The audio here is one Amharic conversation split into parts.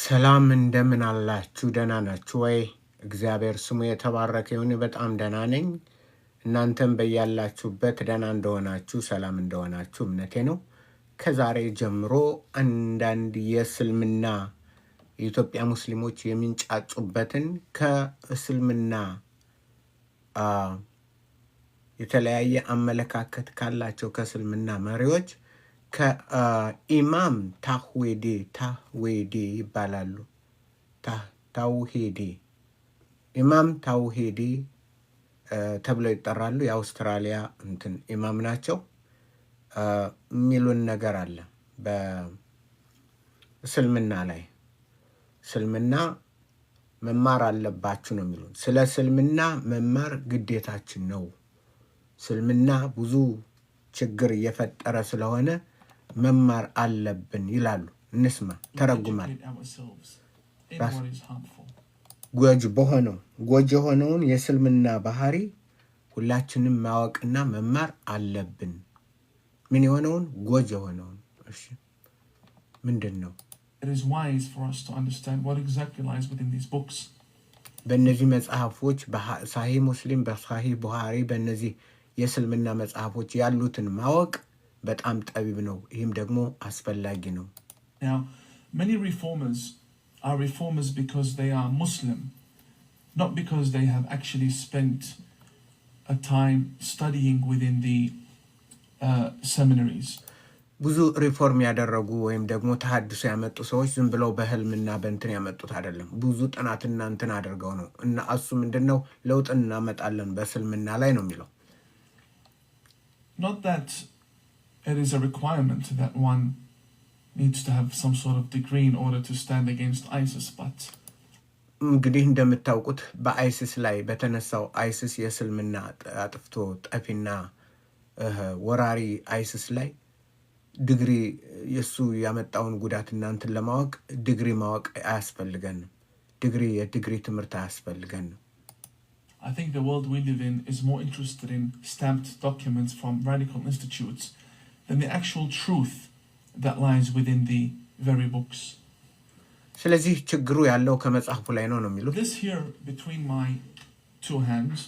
ሰላም እንደምን አላችሁ? ደህና ናችሁ ወይ? እግዚአብሔር ስሙ የተባረከ ይሁን። በጣም ደህና ነኝ። እናንተም በያላችሁበት ደህና እንደሆናችሁ ሰላም እንደሆናችሁ እምነቴ ነው። ከዛሬ ጀምሮ አንዳንድ የእስልምና የኢትዮጵያ ሙስሊሞች የሚንጫጩበትን ከእስልምና የተለያየ አመለካከት ካላቸው ከእስልምና መሪዎች ከኢማም ታህዌዴ ታህዌዴ ይባላሉ። ታውሄዴ ኢማም ታውሄዴ ተብለው ይጠራሉ። የአውስትራሊያ እንትን ኢማም ናቸው የሚሉን ነገር አለ በእስልምና ላይ እስልምና መማር አለባችሁ ነው የሚሉን። ስለ እስልምና መማር ግዴታችን ነው። እስልምና ብዙ ችግር እየፈጠረ ስለሆነ መማር አለብን ይላሉ። እንስማ፣ ተረጉማል። ጎጅ በሆነው ጎጅ የሆነውን የእስልምና ባህሪ ሁላችንም ማወቅና መማር አለብን። ምን የሆነውን ጎጅ የሆነውን እሺ፣ ምንድን ነው? በእነዚህ መጽሐፎች ሳሂህ ሙስሊም፣ በሳሂህ ቡሃሪ፣ በእነዚህ የእስልምና መጽሐፎች ያሉትን ማወቅ በጣም ጠቢብ ነው። ይህም ደግሞ አስፈላጊ ነው። uh, ብዙ ሪፎርም ያደረጉ ወይም ደግሞ ተሐድሶ ያመጡ ሰዎች ዝም ብለው በህልምና በእንትን ያመጡት አይደለም። ብዙ ጥናትና እንትን አድርገው ነው እና እሱ ምንድን ነው ለውጥ እናመጣለን በእስልምና ላይ ነው የሚለው it is a requirement that one needs to have some sort of degree in order to stand against ISIS, but እንግዲህ እንደምታውቁት በአይሲስ ላይ በተነሳው አይሲስ አጥፍቶ ጠፊና ወራሪ አይሲስ ላይ ድግሪ የእሱ ያመጣውን ጉዳት እናንትን ለማወቅ ድግሪ ማወቅ አያስፈልገንም። ድግሪ የድግሪ ትምህርት አያስፈልገንም። I think the world we live in is more interested in stamped documents from radical institutes than the actual truth that lies within the very books. ስለዚህ ችግሩ ያለው ከመጽሐፉ ላይ ነው ነው የሚሉት This here between my two hands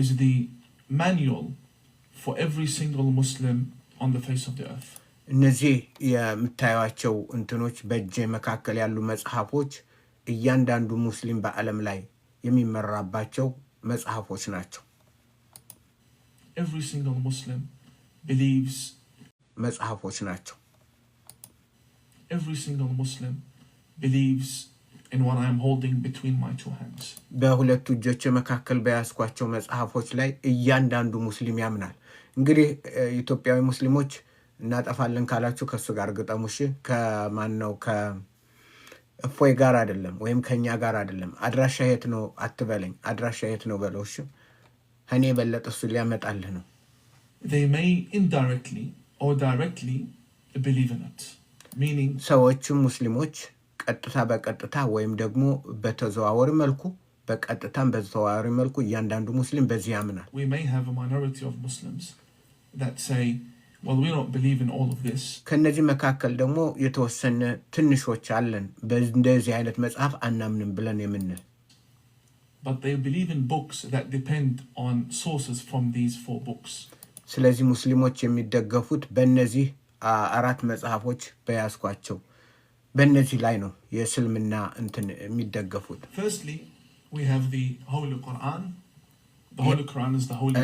is the manual for every single Muslim on the face of the earth. እነዚህ የምታዩቸው እንትኖች መካከል ያሉ መጽሐፎች እያንዳንዱ ሙስሊም በዓለም ላይ የሚመራባቸው መጽሐፎች ናቸው። Every single Muslim believes መጽሐፎች ናቸው። በሁለቱ እጆች መካከል በያዝኳቸው መጽሐፎች ላይ እያንዳንዱ ሙስሊም ያምናል። እንግዲህ ኢትዮጵያዊ ሙስሊሞች እናጠፋለን ካላችሁ ከእሱ ጋር ከማን ከማነው ከእፎይ ጋር አይደለም፣ ወይም ከእኛ ጋር አይደለም። አድራሻ የት ነው አትበለኝ፣ አድራሻ የት ነው በለውሽ። እኔ የበለጠ እሱ ሊያመጣልህ ነው። ሰዎችም ሙስሊሞች ቀጥታ በቀጥታ ወይም ደግሞ በተዘዋወሪ መልኩ በቀጥታም በተዘዋዋሪ መልኩ እያንዳንዱ ሙስሊም በዚህ ያምናል። ከእነዚህ መካከል ደግሞ የተወሰነ ትንሾች አለን እንደዚህ አይነት መጽሐፍ አናምንም ብለን የምንል But they believe in books that depend on sources from these four books. ስለዚህ ሙስሊሞች የሚደገፉት በእነዚህ አራት መጽሐፎች በያዝኳቸው በእነዚህ ላይ ነው የእስልምና እንትን የሚደገፉት።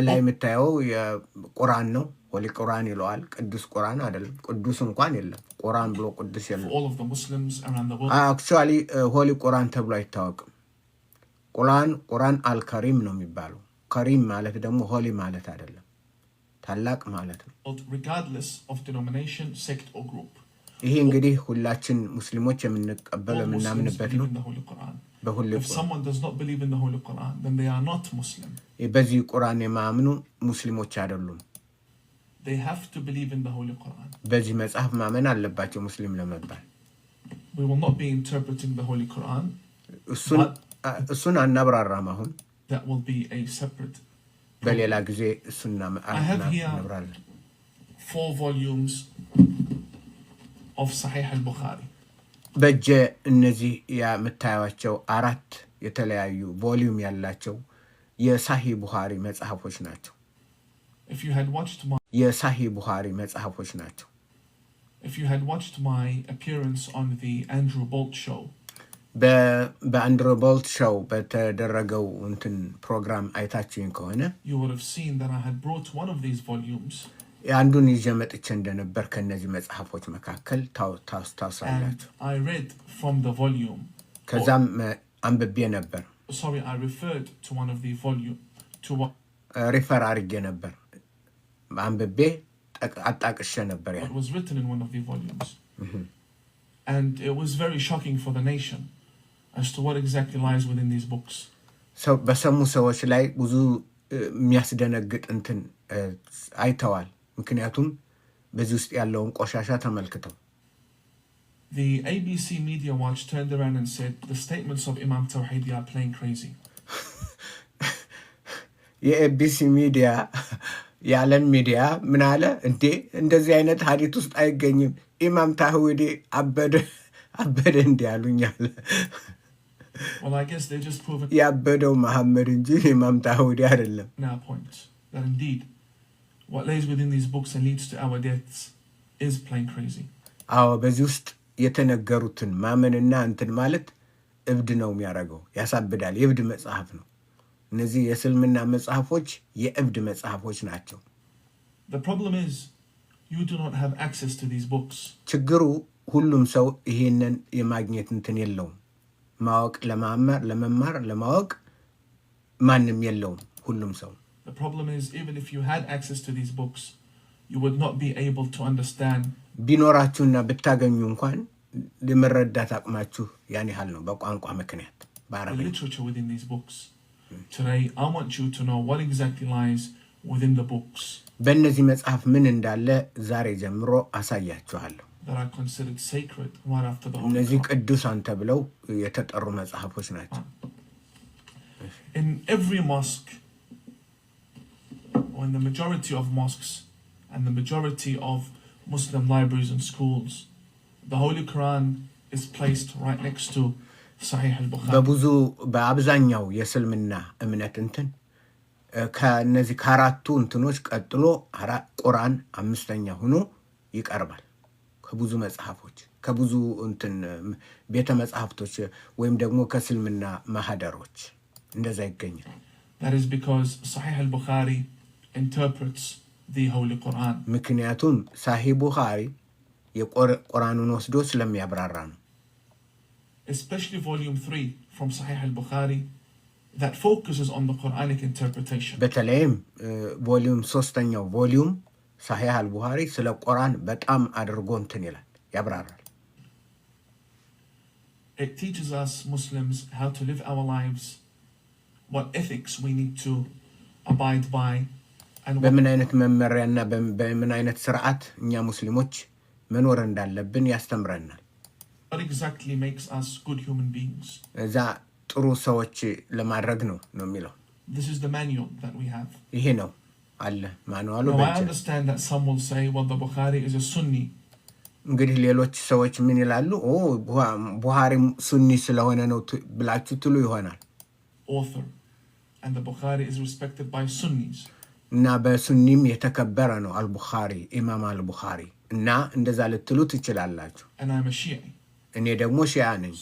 ላይ የምታየው የቁርአን ነው። ሆሊ ቁርአን ይለዋል። ቅዱስ ቁርአን አይደለም። ቅዱስ እንኳን የለም። ቁርአን ብሎ ቅዱስ የለም። አክቹዋሊ ሆሊ ቁርአን ተብሎ አይታወቅም። ቁርአን ቁርአን አልከሪም ነው የሚባለው። ከሪም ማለት ደግሞ ሆሊ ማለት አይደለም። ታላቅ ማለት ነው። ይሄ እንግዲህ ሁላችን ሙስሊሞች የምንቀበል የምናምንበት ነው። በሁሉ በዚህ ቁርአን የማያምኑ ሙስሊሞች አይደሉም። በዚህ መጽሐፍ ማመን አለባቸው ሙስሊም ለመባል። እሱን አናብራራም አሁን በሌላ ጊዜ እሱን እናብራለን። በእጄ እነዚህ የምታዩቸው አራት የተለያዩ ቮሊዩም ያላቸው የሳሂ ቡሃሪ መጽሐፎች ናቸው። የሳሂ ቡሃሪ መጽሐፎች ናቸው። በአንድሮ ቦልት ሾው በተደረገው እንትን ፕሮግራም አይታችሁኝ ከሆነ አንዱን ይዤ መጥቼ እንደነበር ከእነዚህ መጽሐፎች መካከል ታስታውሳላችሁ። ከዛም አንብቤ ነበር፣ ሪፈር አድርጌ ነበር፣ አንብቤ አጣቅሼ ነበር ያ as to what exactly lies within these books. The ABC Media Watch turned around and said the statements of Imam Tawhidi are plain crazy. የኤቢሲ ABC Media የዓለም ሚዲያ ምን አለ እንዴ እንደዚህ አይነት ሀዲት ውስጥ አይገኝም ኢማም ታህዊዲ አበደ አበደ እንዲ አሉኛል ያበደው መሐመድ እንጂ ኢማም ታውዲ አይደለም። አዎ በዚህ ውስጥ የተነገሩትን ማመንና እንትን ማለት እብድ ነው የሚያደርገው፣ ያሳብዳል። የእብድ መጽሐፍ ነው። እነዚህ የእስልምና መጽሐፎች የእብድ መጽሐፎች ናቸው። ችግሩ ሁሉም ሰው ይሄንን የማግኘት እንትን የለውም። ማወቅ ለመማር ለማወቅ ማንም የለውም። ሁሉም ሰው ቢኖራችሁና ብታገኙ እንኳን ለመረዳት አቅማችሁ ያን ያህል ነው። በቋንቋ ምክንያት በእነዚህ መጽሐፍ ምን እንዳለ ዛሬ ጀምሮ አሳያችኋለሁ። that are considered sacred In every mosque, or in the majority of mosques and the majority of Muslim libraries and schools, the Holy Quran is placed right next to Sahih al Bukhari. በብዙ በአብዛኛው የእስልምና እምነት እንትን ከነዚህ ከአራቱ እንትኖች ቀጥሎ ቁርአን አምስተኛ ሆኖ ይቀርባል። ከብዙ መጽሐፎች ከብዙ እንትን ቤተ መጽሐፍቶች ወይም ደግሞ ከእስልምና ማህደሮች እንደዛ ይገኛል። ምክንያቱም ሳሂህ ቡኻሪ የቁርአኑን ወስዶ ስለሚያብራራ ነው። በተለይም ቮሊዩም ሶስተኛው ቮሊዩም ሳሂህ አልቡሃሪ ስለ ቁርአን በጣም አድርጎ እንትን ይላል ያብራራል። በምን አይነት መመሪያና በምን አይነት ስርዓት እኛ ሙስሊሞች መኖር እንዳለብን ያስተምረናል። እዛ ጥሩ ሰዎች ለማድረግ ነው ነው የሚለው ይሄ ነው አለ ማኑዋሉ። እንግዲህ ሌሎች ሰዎች ምን ይላሉ? ቡሃሪ ሱኒ ስለሆነ ነው ብላችሁ ትሉ ይሆናል። እና በሱኒም የተከበረ ነው አልቡኻሪ፣ ኢማም አልቡኻሪ እና እንደዛ ልትሉ ትችላላችሁ። እኔ ደግሞ ሺያ ነኝ።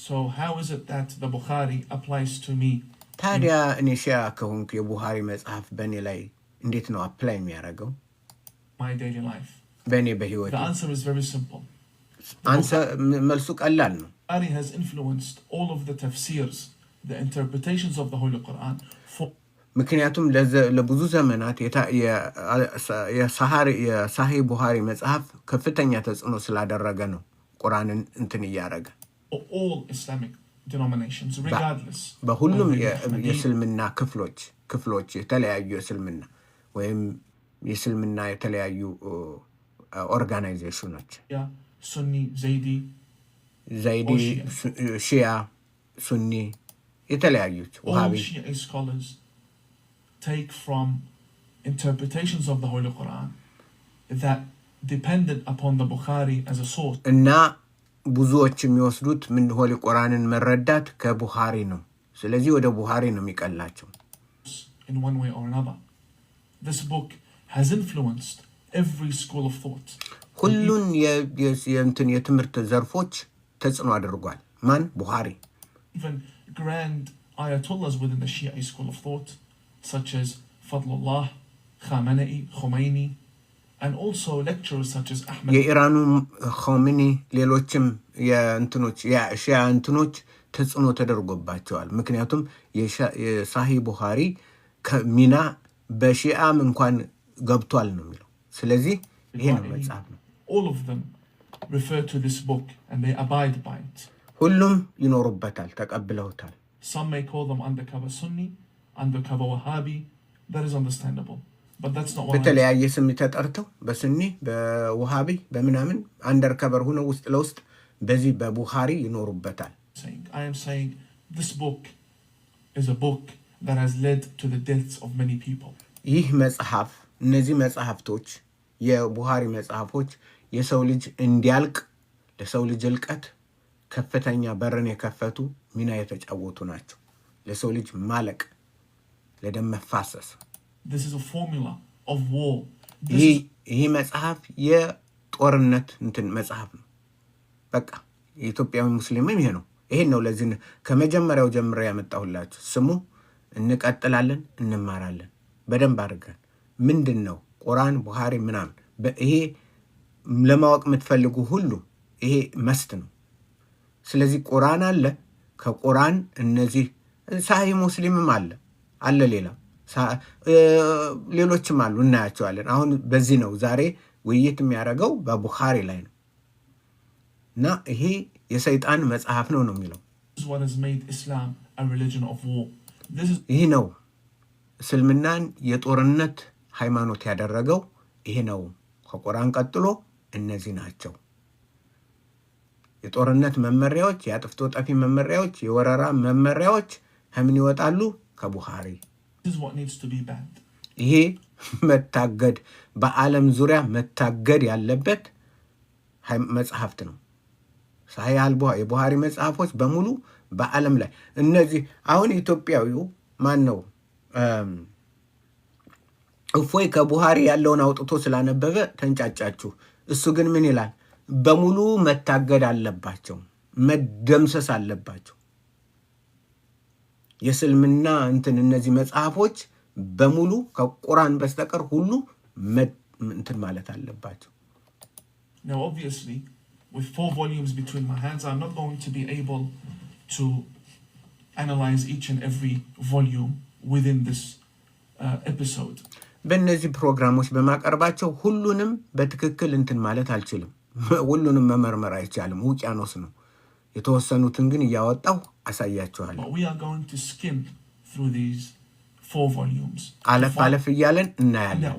ታዲያ እኔ ሺያ ከሆንኩ የቡሃሪ መጽሐፍ በእኔ ላይ እንዴት ነው አፕላይ የሚያደርገው? በእኔ በህይወት መልሱ ቀላል ነው። ምክንያቱም ለብዙ ዘመናት የሳሂ ቡሃሪ መጽሐፍ ከፍተኛ ተጽዕኖ ስላደረገ ነው ቁርአንን እንትን እያደረገ በሁሉም የእስልምና ክፍሎች ክፍሎች የተለያዩ እስልምና። ወይም የእስልምና የተለያዩ ኦርጋናይዜሽኖች ሱኒ፣ ዘይዲ፣ ዘይዲ፣ ሺያ፣ ሱኒ የተለያዩት እና ብዙዎች የሚወስዱት ምን ሆሊ ቁርአንን መረዳት ከቡሃሪ ነው። ስለዚህ ወደ ቡሃሪ ነው የሚቀላቸው። This book has influenced every school of thought. ሁሉን የእንትን የትምህርት ዘርፎች ተጽዕኖ አድርጓል። ማን ቡኻሪ even grand ayatollahs within the Shia school of thought such as Fadlullah, Khamenei, Khomeini and also lecturers such as Ahmed የኢራኑ ኾሜኒ ሌሎችም የእንትኖች የሺያ እንትኖች ተጽዕኖ ተደርጎባቸዋል። ምክንያቱም የሳሂ ቡኻሪ ከሚና በሺአም እንኳን ገብቷል ነው የሚለው። ስለዚህ ይሄ ነው መጽሐፍ ነው። ሁሉም ይኖሩበታል፣ ተቀብለውታል። በተለያየ ስም ተጠርተው በሱኒ በውሃቢ በምናምን አንደርከበር ሆነው ውስጥ ለውስጥ በዚህ በቡሃሪ ይኖሩበታል። ይህ መጽሐፍ እነዚህ መጽሐፍቶች የቡሃሪ መጽሐፎች የሰው ልጅ እንዲያልቅ ለሰው ልጅ እልቀት ከፍተኛ በርን የከፈቱ ሚና የተጫወቱ ናቸው። ለሰው ልጅ ማለቅ፣ ለደም መፋሰስ። ይህ መጽሐፍ የጦርነት እንትን መጽሐፍ ነው። በቃ የኢትዮጵያዊ ሙስሊምም ይሄ ነው። ይሄን ነው ለዚህ ከመጀመሪያው ጀምሮ ያመጣሁላችሁ ስሙ እንቀጥላለን፣ እንማራለን በደንብ አድርገን ምንድን ነው ቁርአን፣ ቡሃሪ ምናምን ይሄ ለማወቅ የምትፈልጉ ሁሉ ይሄ መስት ነው። ስለዚህ ቁርአን አለ። ከቁርአን እነዚህ ሳሂ ሙስሊምም አለ አለ ሌላ ሌሎችም አሉ እናያቸዋለን። አሁን በዚህ ነው ዛሬ ውይይት የሚያደርገው በቡኻሪ ላይ ነው እና ይሄ የሰይጣን መጽሐፍ ነው ነው የሚለው ይህ ነው እስልምናን የጦርነት ሃይማኖት ያደረገው። ይህ ነው ከቁርአን ቀጥሎ እነዚህ ናቸው የጦርነት መመሪያዎች፣ የአጥፍቶ ጠፊ መመሪያዎች፣ የወረራ መመሪያዎች ከምን ይወጣሉ? ከቡሃሪ። ይሄ መታገድ በዓለም ዙሪያ መታገድ ያለበት መጽሐፍት ነው። ሳሂህ አል የቡሃሪ መጽሐፎች በሙሉ በዓለም ላይ እነዚህ አሁን ኢትዮጵያዊው ማን ነው እፎይ ከቡሃሪ ያለውን አውጥቶ ስላነበበ ተንጫጫችሁ። እሱ ግን ምን ይላል? በሙሉ መታገድ አለባቸው፣ መደምሰስ አለባቸው። የእስልምና እንትን እነዚህ መጽሐፎች በሙሉ ከቁራን በስተቀር ሁሉ እንትን ማለት አለባቸው። Now obviously with four volumes between my hands I'm not going to be able to analyze each and every volume within this uh, episode. በእነዚህ ፕሮግራሞች በማቀርባቸው ሁሉንም በትክክል እንትን ማለት አልችልም። ሁሉንም መመርመር አይቻልም፣ ውቅያኖስ ነው። የተወሰኑትን ግን እያወጣሁ አሳያችኋለሁ። አለፍ አለፍ እያለን እናያለን።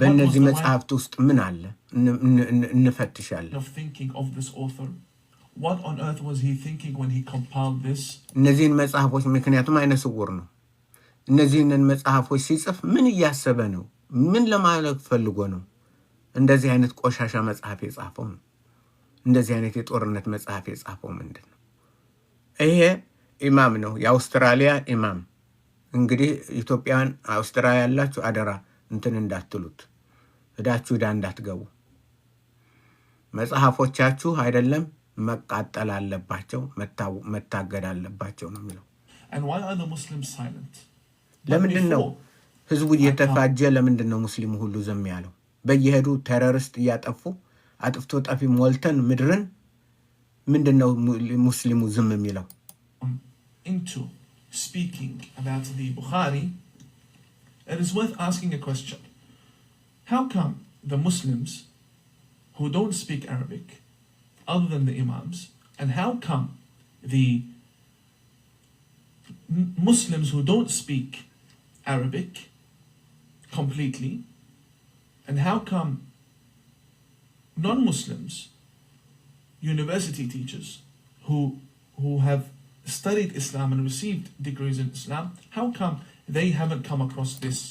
በእነዚህ መጽሐፍት ውስጥ ምን አለ እንፈትሻለን። እነዚህን መጽሐፎች ምክንያቱም አይነ ስውር ነው። እነዚህንን መጽሐፎች ሲጽፍ ምን እያሰበ ነው? ምን ለማለት ፈልጎ ነው? እንደዚህ አይነት ቆሻሻ መጽሐፍ የጻፈው ነው። እንደዚህ አይነት የጦርነት መጽሐፍ የጻፈው ምንድን ነው? ይሄ ኢማም ነው፣ የአውስትራሊያ ኢማም። እንግዲህ ኢትዮጵያን አውስትራሊያ ያላችሁ አደራ እንትን እንዳትሉት፣ እዳችሁ እዳ እንዳትገቡ። መጽሐፎቻችሁ አይደለም መቃጠል አለባቸው፣ መታገድ አለባቸው ነው የሚለው። ለምንድን ነው ህዝቡ እየተፋጀ? ለምንድን ነው ሙስሊሙ ሁሉ ዝም ያለው? በየሄዱ ቴረሪስት እያጠፉ አጥፍቶ ጠፊ ሞልተን ምድርን ምንድን ነው ሙስሊሙ ዝም የሚለው? ሙስሊምስ um, other than the Imams? And how come the Muslims who don't speak Arabic completely, and how come non Muslims, university teachers who, who have studied Islam and received degrees in Islam, how come they haven't come across this?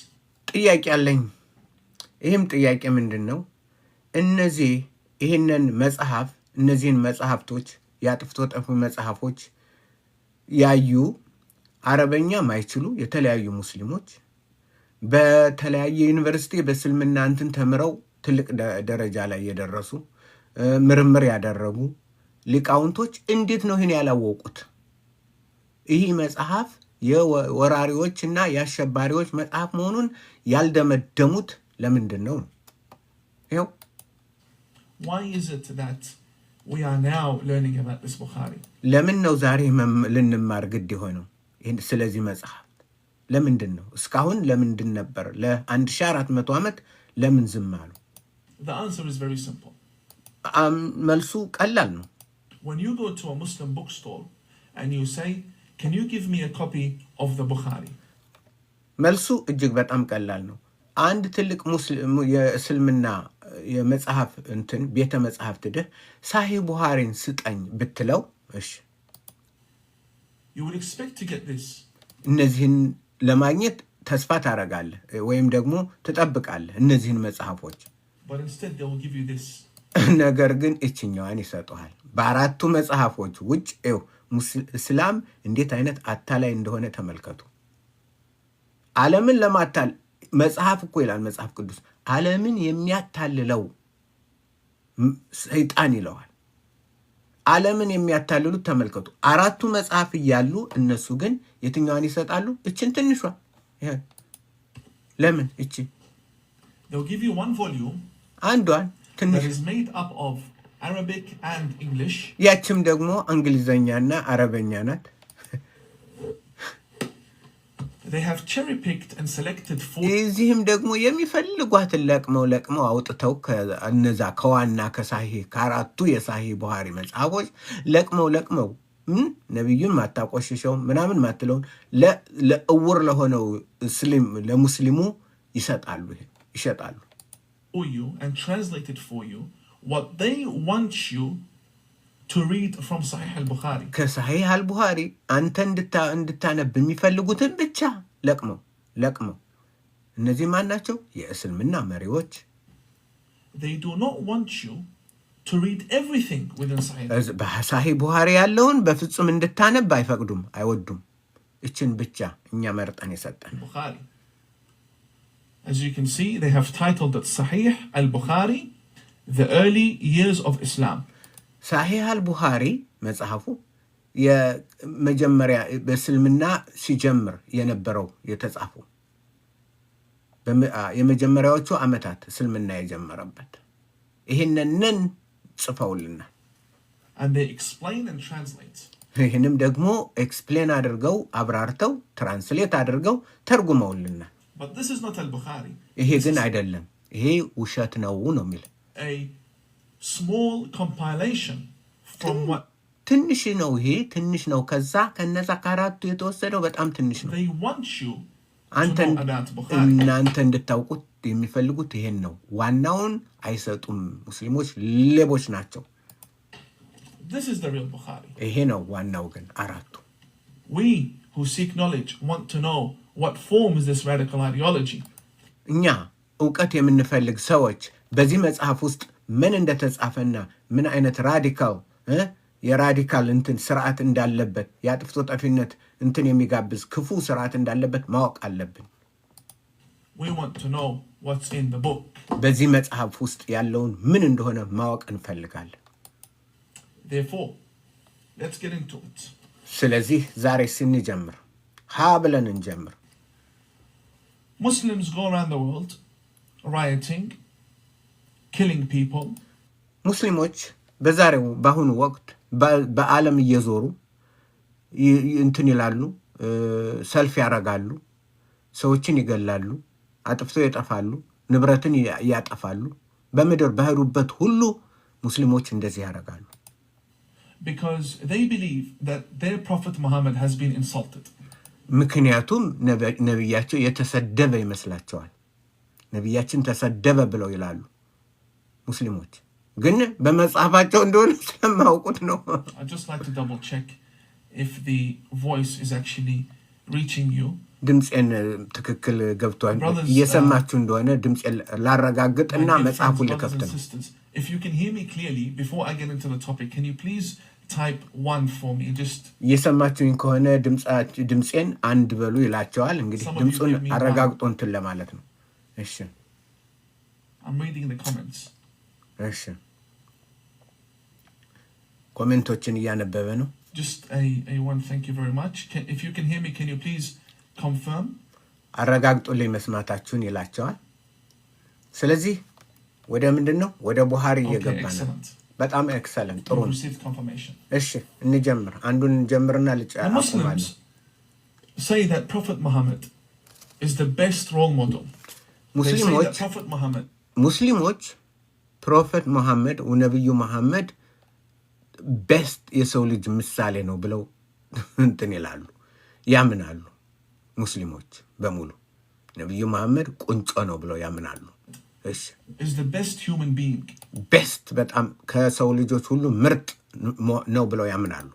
ይህም ጥያቄ ምንድን ነው? እነዚህ ይህንን መጽሐፍ እነዚህን መጽሐፍቶች የአጥፍቶ ጠፊ መጽሐፎች ያዩ አረበኛ ማይችሉ የተለያዩ ሙስሊሞች በተለያየ ዩኒቨርሲቲ በእስልምና እንትን ተምረው ትልቅ ደረጃ ላይ የደረሱ ምርምር ያደረጉ ሊቃውንቶች እንዴት ነው ይህን ያላወቁት? ይህ መጽሐፍ እና የአሸባሪዎች መጽሐፍ መሆኑን ያልደመደሙት ለምንድን ነው? ይኸው ለምን ነው ዛሬ ልንማር ግድ የሆነው ስለዚህ መጽሐፍ? ለምንድን ነው እስካሁን ለምንድን ነበር ለ1400 ዓመት ለምን ዝም አሉ? መልሱ ቀላል ነው። መልሱ እጅግ በጣም ቀላል ነው። አንድ ትልቅ የእስልምና የመጽሐፍ እንትን ቤተ መጽሐፍት ሄደህ ሳሂ ቡሃሪን ስጠኝ ብትለው፣ እሺ እነዚህን ለማግኘት ተስፋ ታደርጋለህ ወይም ደግሞ ትጠብቃለህ እነዚህን መጽሐፎች። ነገር ግን እችኛዋን ይሰጠሃል። በአራቱ መጽሐፎች ውጭ እስላም እንዴት አይነት አታላይ እንደሆነ ተመልከቱ። ዓለምን ለማታል መጽሐፍ እኮ ይላል መጽሐፍ ቅዱስ ዓለምን የሚያታልለው ሰይጣን ይለዋል። ዓለምን የሚያታልሉት ተመልከቱ። አራቱ መጽሐፍ እያሉ እነሱ ግን የትኛዋን ይሰጣሉ? እችን ትንሿ። ለምን እች አንዷን ትንሽ ያችም ደግሞ እንግሊዘኛና አረበኛ ናት። እዚህም ደግሞ የሚፈልጓትን ለቅመው ለቅመው አውጥተው እነዛ ከዋና ከሳሂ ከአራቱ የሳሂ ቡሃሪ መጽሐፎች ለቅመው ለቅመው ነቢዩን ማታቆሽሸው ምናምን ማትለውን ለእውር ለሆነው ለሙስሊሙ ይሰጣሉ ይሸጣሉ ከሰሒሕ አልቡኻሪ አንተ እንድታነብ የሚፈልጉትን ብቻ ለቅመው ለቅመው። እነዚህ ማን ናቸው? የእስልምና መሪዎች በሳሒሕ ቡኻሪ ያለውን በፍጹም እንድታነብ አይፈቅዱም፣ አይወዱም። እችን ብቻ እኛ መርጠን የሰጠን ሳሒሕ አልቡኻሪ the early years of Islam ሳሂህ አልቡሃሪ መጽሐፉ የመጀመሪያ በእስልምና ሲጀምር የነበረው የተጻፉ የመጀመሪያዎቹ ዓመታት እስልምና የጀመረበት ይህንንን ጽፈውልናል። ይህንም ደግሞ ኤክስፕሌን አድርገው አብራርተው ትራንስሌት አድርገው ተርጉመውልናል። ይሄ ግን አይደለም፣ ይሄ ውሸት ነው ነው የሚል ትንሽ ነው። ይሄ ትንሽ ነው። ከዛ ከነዛ ከአራቱ የተወሰደው በጣም ትንሽ ነው። እናንተ እንድታውቁት የሚፈልጉት ይሄን ነው። ዋናውን አይሰጡም። ሙስሊሞች ሌቦች ናቸው። ይሄ ነው ዋናው። ግን አራቱ እኛ እውቀት የምንፈልግ ሰዎች በዚህ መጽሐፍ ውስጥ ምን እንደተጻፈና ምን አይነት ራዲካል የራዲካል እንትን ስርዓት እንዳለበት የአጥፍቶ ጠፊነት እንትን የሚጋብዝ ክፉ ስርዓት እንዳለበት ማወቅ አለብን። በዚህ መጽሐፍ ውስጥ ያለውን ምን እንደሆነ ማወቅ እንፈልጋለን። ስለዚህ ዛሬ ስንጀምር ሀ ብለን እንጀምር። ሙስሊምስ ሙስሊሞች በዛሬው በአሁኑ ወቅት በዓለም እየዞሩ እንትን ይላሉ፣ ሰልፍ ያደርጋሉ፣ ሰዎችን ይገላሉ፣ አጥፍተው ይጠፋሉ፣ ንብረትን ያጠፋሉ። በምድር በሄዱበት ሁሉ ሙስሊሞች እንደዚህ ያደርጋሉ። ምክንያቱም ነቢያቸው የተሰደበ ይመስላቸዋል። ነቢያችን ተሰደበ ብለው ይላሉ። ሙስሊሞች ግን በመጽሐፋቸው እንደሆነ ስለማያውቁት ነው። ድምፄን ትክክል ገብቷል እየሰማችሁ uh, እንደሆነ ድምፄን ላረጋግጥ እና መጽሐፉን ልከፍት ነው። እየሰማችሁኝ ከሆነ ድምፄን አንድ በሉ ይላቸዋል። እንግዲህ ድምፁን አረጋግጦ እንትን ለማለት ነው። እሺ እሺ ኮሜንቶችን እያነበበ ነው። አረጋግጡልኝ መስማታችሁን ይላቸዋል። ስለዚህ ወደ ምንድን ነው ወደ ቡሃሪ እየገባ ነው። በጣም ኤክሰለንት ጥሩ ነው። እሺ እንጀምር፣ አንዱን እንጀምርና ልጭ ሙስሊሞች ፕሮፌት መሐመድ ነቢዩ መሐመድ ቤስት የሰው ልጅ ምሳሌ ነው ብለው እንትን ይላሉ ያምናሉ። ሙስሊሞች በሙሉ ነቢዩ መሐመድ ቁንጮ ነው ብለው ያምናሉ። ቤስት በጣም ከሰው ልጆች ሁሉ ምርጥ ነው ብለው ያምናሉ።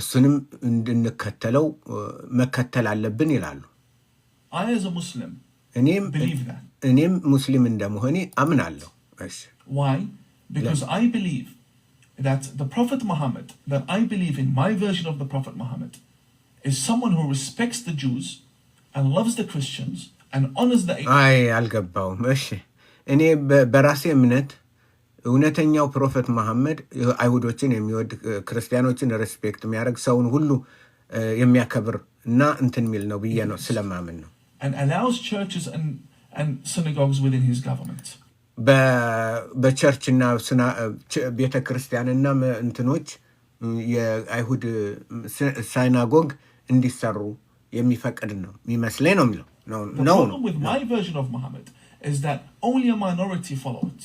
እሱንም እንድንከተለው መከተል አለብን ይላሉ። እኔም ሙስሊም እንደመሆኔ አምናለሁ። ፕሮፌት አይ አልገባውም። እሺ እኔ በራሴ እምነት እውነተኛው ፕሮፌት መሐመድ አይሁዶችን የሚወድ ክርስቲያኖችን ሬስፔክት የሚያደርግ ሰውን ሁሉ የሚያከብር እና እንትን የሚል ነው ብዬ ነው ስለማምን ነው። and allows churches and, and synagogues within his government. በቸርችና ቤተ ክርስቲያንና እንትኖች የአይሁድ ሳይናጎግ እንዲሰሩ የሚፈቅድ ነው የሚመስለኝ ነው የሚለው ነው ነው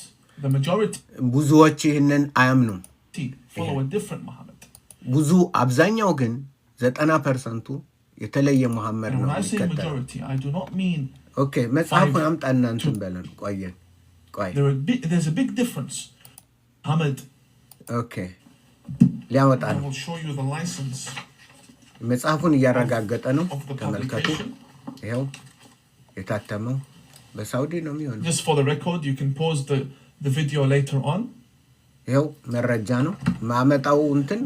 ብዙዎች ይህንን አያምኑም ብዙ አብዛኛው ግን ዘጠና ፐርሰንቱ የተለየ መሐመድ ነው የሚከተለው። ኦኬ መጽሐፉን አምጣና እንትን በለን። ቆየን ቆይ ሊያወጣ ነው። መጽሐፉን እያረጋገጠ ነው። ተመልከቱ፣ ይኸው የታተመው በሳውዲ ነው የሚሆነው። ይኸው መረጃ ነው ማመጣው እንትን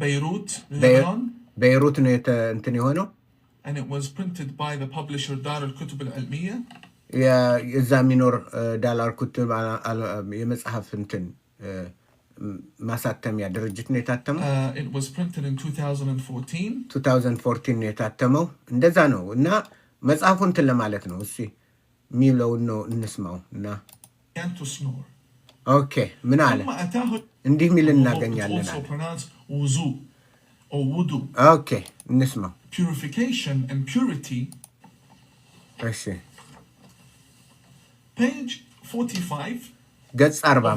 በይሩት በይሩት ነው እንትን የሆነው እዛ የሚኖር ዳላር ኩቱብ የመጽሐፍ እንትን eh, ማሳተሚያ ድርጅት ነው የታተመው። 2014 uh, ነው የታተመው። እንደዛ ነው እና መጽሐፉ እንትን ለማለት ነው እሱ የሚለውን ነው እንስማው እና ኦኬ ምን አለ እንዲህ ሚል እናገኛለን wuzu or wudu. Okay, nisma. Purification and purity. I see. Page 45. Gets arba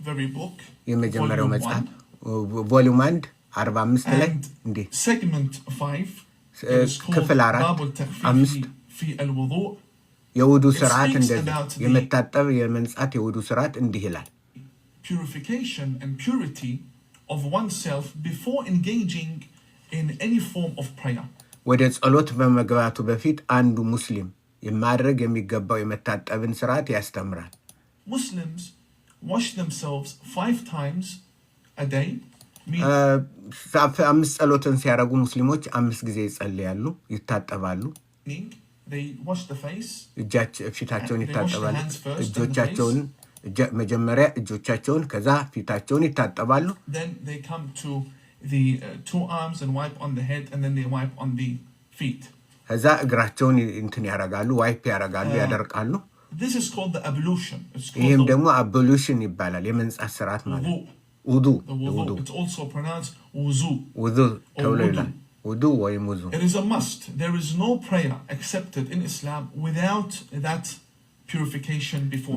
Very book. You may jammer on the Volume and arba mist. And segment 5. ክፍል አራት የውዱ ስርዓት እንደዚህ የመታጠብ wudu. Purification and purity of oneself before engaging in any form of prayer. ወደ ጸሎት በመግባቱ በፊት አንዱ ሙስሊም የማድረግ የሚገባው የመታጠብን ስርዓት ያስተምራል። Muslims wash themselves five times a day. አምስት ጸሎትን ሲያደርጉ ሙስሊሞች አምስት ጊዜ ይጸልያሉ፣ ይታጠባሉ። እጃቸው ፊታቸውን ይታጠባሉ፣ እጆቻቸውን መጀመሪያ እጆቻቸውን ከዛ ፊታቸውን ይታጠባሉ። uh, ከዛ እግራቸውን እንትን ያረጋሉ፣ ዋይፕ ያረጋሉ፣ ያደርቃሉ። ይህም ደግሞ አብሉሽን ይባላል፣ የመንጻት ስርዓት ማለት ውዱ ተብሎ ይላል። ውዱ ወይም ውዙ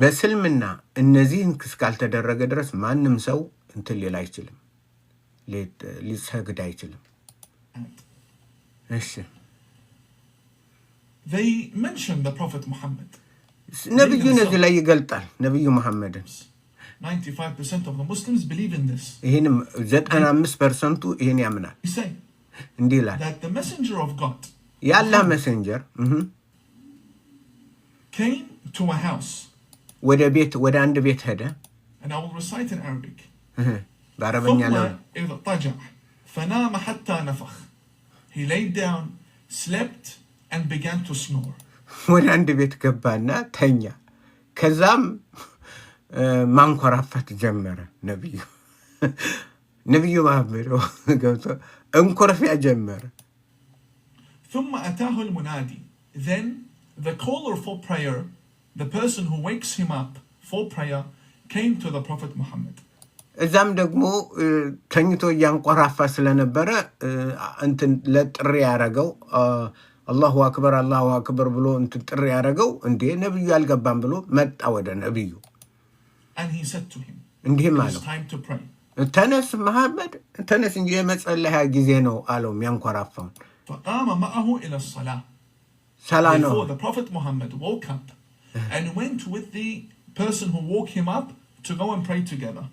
በስልምና እነዚህ እስካልተደረገ ድረስ ማንም ሰው እንትን ሊል አይችልም፣ ሊሰግድ አይችልም። እሺ ነቢዩን እዚህ ላይ ይገልጣል። ነቢዩ መሐመድን ይህንም ዘጠና አምስት ፐርሰንቱ ይህን ያምናል። እንዲህ ይላል የአላህ መሰንጀር to a house ወደ ቤት ወደ አንድ ቤት ሄደ and I will recite in Arabic በአረበኛ ነው ثم اضطجع فنام حتى نفخ he laid down slept and began to snore ወደ አንድ ቤት ገባና ተኛ ከዛም ማንኮራፋት ጀመረ ነብዩ ነቢዩ መሐመድ ገብቶ እንኮርፊያ ጀመረ ثم أتاه المنادي then the caller for prayer the person who wakes him up for prayer came to the Prophet Muhammad. እዛም ደግሞ ተኝቶ እያንቆራፋ ስለነበረ እንትን ለጥሪ ያደረገው አላሁ አክበር አላሁ አክበር ብሎ እንትን ጥሪ ያደረገው እንዴ ነብዩ አልገባም ብሎ መጣ ወደ ነብዩ እንዲህም አለው ተነስ መሐመድ ተነስ እንጂ የመጸለያ ጊዜ ነው አለው። ያንኮራፋውን ሰላ ነው And and went with the person who woke him up to go pray together.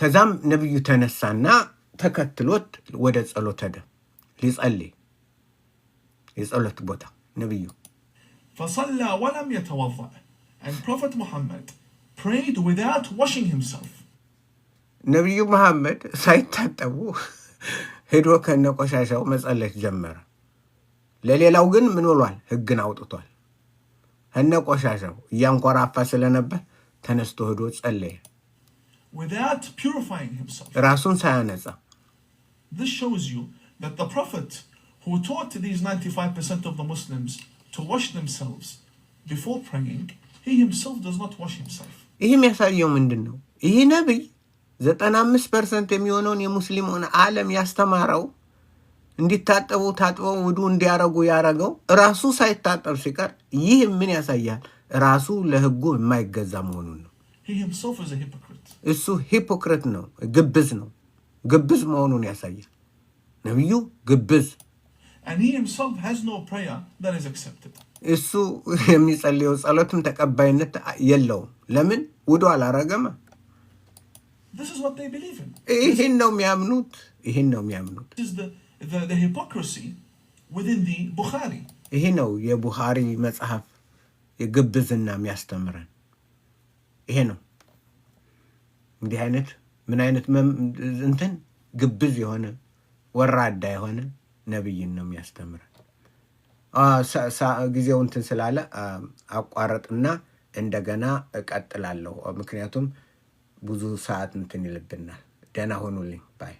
ከዛም ነቢዩ ተነሳና ተከትሎት ወደ ጸሎት ሄደ። ሊጸልይ የጸሎት ቦታ ነቢዩ ፈሰላ ወለም And Prophet Muhammad prayed without washing himself ነቢዩ መሐመድ ሳይታጠቡ ሄዶ ከነቆሻሻው መጸለይ ጀመረ። ለሌላው ግን ምን ብሏል? ሕግን አውጥቷል። እነ ቆሻሻው እያንኮራፋ ስለነበር ተነስቶ ሄዶ ጸለየ፣ ራሱን ሳያነጻ። ይህ የሚያሳየው ምንድን ነው? ይህ ነቢይ ዘጠና አምስት ፐርሰንት የሚሆነውን የሙስሊሙን ዓለም ያስተማረው እንዲታጠቡ ታጥበው ውዱ እንዲያረጉ ያረገው ራሱ ሳይታጠብ ሲቀር ይህ ምን ያሳያል? ራሱ ለህጉ የማይገዛ መሆኑን ነው። እሱ ሂፖክሪት ነው፣ ግብዝ ነው። ግብዝ መሆኑን ያሳያል። ነቢዩ ግብዝ እሱ የሚጸልየው ጸሎትም ተቀባይነት የለውም። ለምን ውዱ አላረገማ። ይህን ነው የሚያምኑት። ይህን ነው የሚያምኑት። the hypocrisy within the Bukhari ይሄ ነው የቡኻሪ መጽሐፍ የግብዝና የሚያስተምረን ይሄ ነው። እንዲህ አይነት ምን አይነት እንትን ግብዝ የሆነ ወራዳ የሆነ ነብይን ነው የሚያስተምረን። ጊዜው እንትን ስላለ አቋረጥና እንደገና እቀጥላለሁ። ምክንያቱም ብዙ ሰዓት እንትን ይልብናል። ደህና ሆኑልኝ ባይ